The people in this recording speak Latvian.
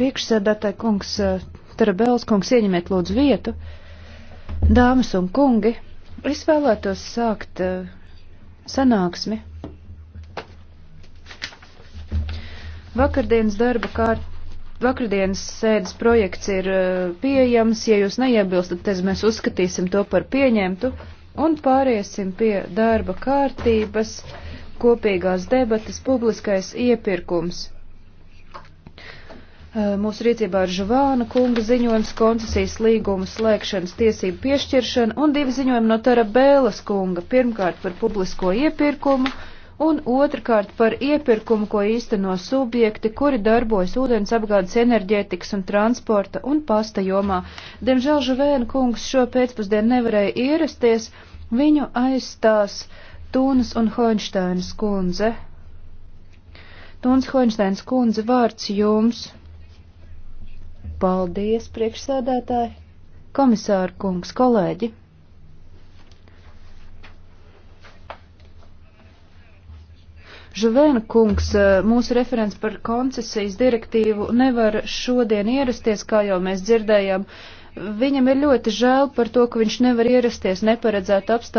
Priekšsēdētāji kungs, eh, Terabels kungs, ieņemiet lūdzu vietu. Dāmas un kungi, es vēlētos sākt eh, sanāksmi. Vakardienas darba kārt, vakardienas sēdes projekts ir eh, pieejams, ja jūs neiebilstat, tad mēs uzskatīsim to par pieņemtu un pāriesim pie darba kārtības kopīgās debatas publiskais iepirkums. Eh, mūsu rīcībā ir Žvāna kunga ziņojums koncesijas līguma slēgšanas tiesību piešķiršana un divi ziņojumi no Tarabēlas kunga. Pirmkārt par publisko iepirkumu un otrkārt par iepirkumu, ko īsteno subjekti, kuri darbojas ūdens apgādes enerģētikas un transporta un pasta jomā. Diemžēl Žvēna kungs šo pēcpusdienu nevarēja ierasties, viņu aizstās Tūnas un Hoņštēnas kundze. Tūnas Hoņštēnas kundze vārds jums. Paldies, priekšsēdētāji, komisāra kungs, kolēģi. Žuvēna kungs, eh, mūsu referents par koncesijas direktīvu nevar šodien ierasties, kā jau mēs dzirdējām. Viņam ir ļoti žēl par to, ka viņš nevar ierasties neparedzēt apstākļus.